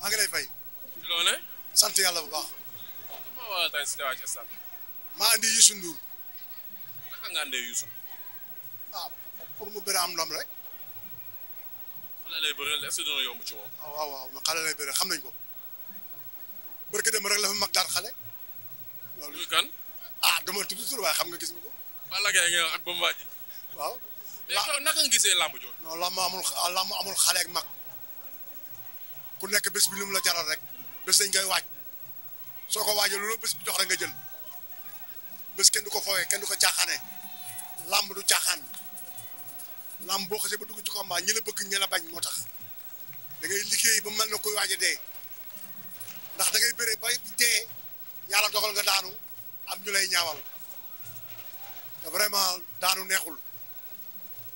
maa ngi lay fay. sant yàlla bu baax. maa waral tey si waaj stade. maa andi Youssou Ndour. naka nga andee Youssou. ah pour mu bëre am ndam rek. xale lay bëre est-ce que yomb ci moom. Ah, waaw waaw xale lay bëre xam nañ ko. barke dem rek la fa mag daan xale. loolu muy kan. ah dama tudd tur waaye xam nga gis nga ko. Balla Gaye nga wax ak Bombardier. waaw. mais naka nga gisee lamb jooju. non lamb amul lamb amul xale mag. ku nekk bés bi lu la jaral rek bés dañ koy waaj soo ko waajee loolu bés bu jox rek nga jël bés kenn du ko fowee kenn du ko caaxaanee làmb du caaxaan làmb boo xasee ba dugg ci combat ñi la bëgg ñi la bañ moo tax da ngay liggéey ba mel na kuy waaj a dee ndax da ngay bari ba dee yàlla dogal nga daanu am ñu lay ñaawal te vraiment daanu neexul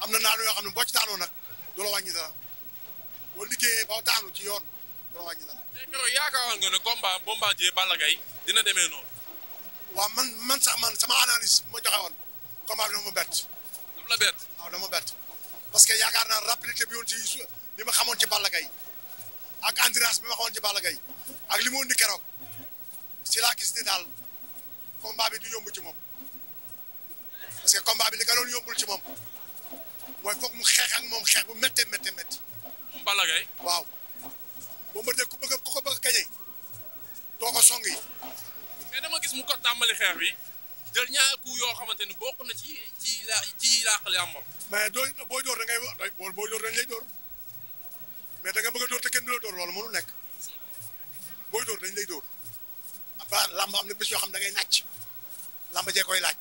am na naanu yoo xam ne boo ci daanoo nag du la wàññi dara boo liggéeyee ba daanu ci yoon. mais keroog yaakaaroon nga ne combat Bombardier Balla Gaye dina demee noonu. waaw man man sax man sama analyse ma joxe woon combat ma dama bett. dama la bett parce que yaakaar naa rapidité bi ci bi ma xamoon ci Balla ak endurance bi ma xamoon ci Balla ak li mu indi keroog si laa gis ni daal combat bi di yomb ci moom parce que combat bi li nga yombul ci moom mooy foog mu xeex moom xeex bu méttee méttee métti. waaw. Bombardier ku bëgg ku ko bëgg a gañe doo ko song yi. mais dama gis mu ko tàmbali xeex bi jël ñaar coup yoo xamante ni bokk na ci ci la ci laaxali ambam. mais doo booy door da ngay wax booy booy door dañ lay door mais da nga bëgg a te kenn du la door loolu mënu nekk booy door dañ lay door après làmb am na bés yoo xam da ngay nàcc làmb jee koy laaj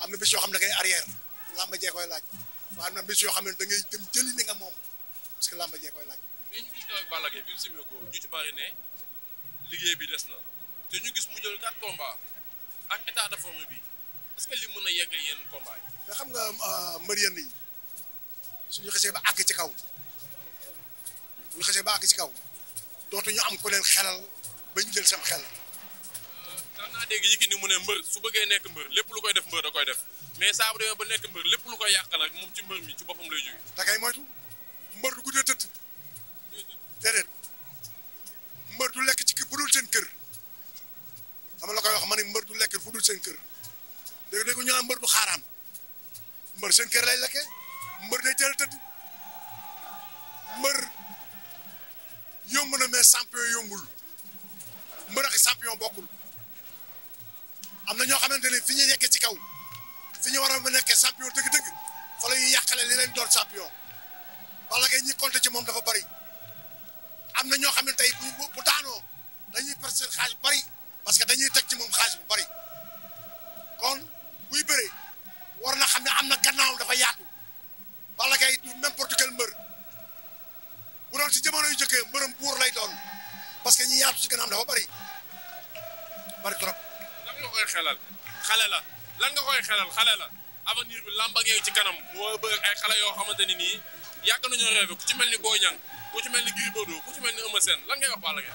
am na bés yoo xam da ngay arrière làmb jee laaj waaye na bés yoo xam ne da ngay dem jëli ni nga moom parce que làmb jee koy laaj. mais ñu gis ne ak Balla Gaye ko ñu liggéey bi des na te gis mu jël quatre combats ak état de forme bi est-ce que li mën a yegg yenn combats yi. xam nga euh, mbër yenn yi ñu xasee ba àgg ci kaw suñu xasee ba àgg ci kaw dootuñu am ku leen xelal ba ñu jël sam xel. Euh, daan naa dégg Yékini mu ne mbër su bëggee nekk mbër lépp lu koy def mbër da koy def mais saa bu ba nekk mbër lépp lu koy yàq nag moom ci mbër mi ci boppam lay jógee. da kay moytu mbër du guddee tëdd. déedéet mbër du lekk ci kër bu dul seen kër dama la koy wax ma ne mbër du lekk fu dul seen kër dégg dégg ñu naan mbër du xaaraan mbër seen kër lay lekkee mbër day a tëdd mbër yomb na mais champion yombul mbër ak champion bokkul am na ñoo xamante ne fi ñuy yeggee ci kaw fi ñu war a nekkee champion dëgg-dëgg fa la ñuy yàqale li leen doon champion wala kay ñi compter ci moom dafa bari. am na ñoo xam ne tey bu bu daanoo dañuy perte seen xaalis bu parce que dañuy teg ci moom xaalis bu bëri kon buy bëree war na xam ne am na gannaawam dafa yaatu Balla Gaye du n'importe quel mbër bu doon si jamono yu jëkkee mbërëm buur lay doon parce que ñi yaatu si gannaawam dafa bëri bëri trop. lan nga koy xelal xale la lan nga koy xelal xale la avenir bi lamba ngeew ci kanam moo bëgg ay xale yoo xamante ni nii yàgg nañoo rêvé ku ci mel ni Boy ku ci mel ni Gris Bordeaux ku mel ni Eumeu Sène lan ngay wax Balla Gaye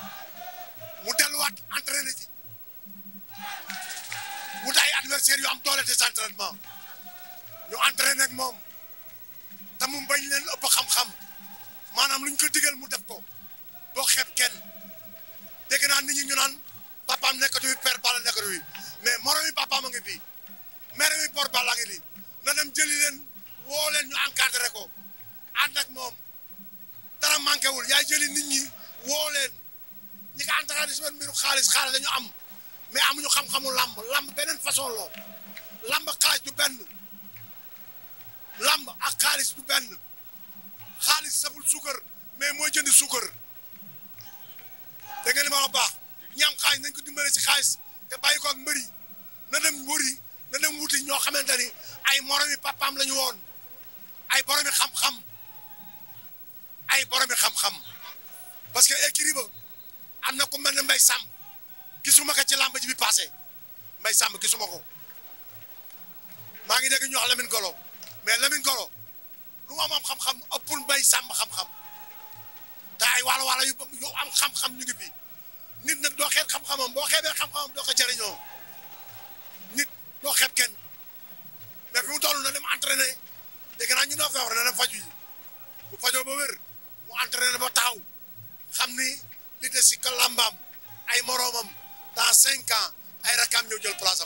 mu delluwaat entraîné ci wut ay adversaires yu am doole des entraînements ñu entraîné ak moom te mu bañ leen ëpp xam-xam maanaam lu ñu ko digal mu def ko doo xeeb kenn dégg naan ni ñi ñu naan papaam nekkatu fi père Balla nekkatu fi mais moromi papaam a ngi fi mère mi por Balla ngi fi na dem jëli leen woo leen ñu encadré ko ànd ak moom. dara manqué wul yaay jëli nit ñi ñi ko entraîné si mbiru xaalis xaalis lañu am mais amuñu xam-xamu lamb lamb beneen façon loo lamb xaalis du benn lamb ak xaalis du benn xaalis saful suukar mais mooy jënd suukar da nga ma wax baax ñi am xaalis nañ ko dimbale si xaalis te bàyyi ko ak mbëri na dem wëri na dem wuti ñoo xamante ni ay moromi papaam la ñu woon ay boromi xam-xam ay boromi xam-xam parce que écurie ba am na ku mel ne Mbaye Samb gisuma ko ci làmb ji bi passé Mbaye Samb gisuma ko maa ngi dégg ñu wax Lamine Golo mais Lamine Golo lu ma moom xam-xam ëppul Mbaye Samb xam-xam te ay waalo waalo yu yu am xam-xam ñu ngi fi nit nag doo xeeb xam-xamam boo xeebee xam-xamam doo ko jëriñoo nit doo xeeb kenn mais fi mu toll na dem entraîné dégg naa ñu noo feebar na dem faju yi bu fajoo ba wér mu entraîné ba taxaw xam ni li des si kalambaam ay moroomam dans cinq ans ay rakam ñëw jël place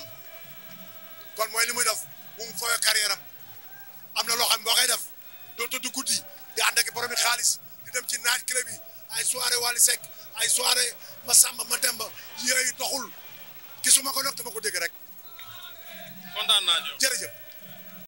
kon mooy li muy def mu ngi fooyee am na loo xam boo koy def doo tëdd guddi di ànd ak borom xaalis di dem ci naaj club yi ay soirée Wally Seck ay soirée ma Mademba yooyu doxul gisuma ko nag dama ko dégg rek. kontaan naa jërëjëf.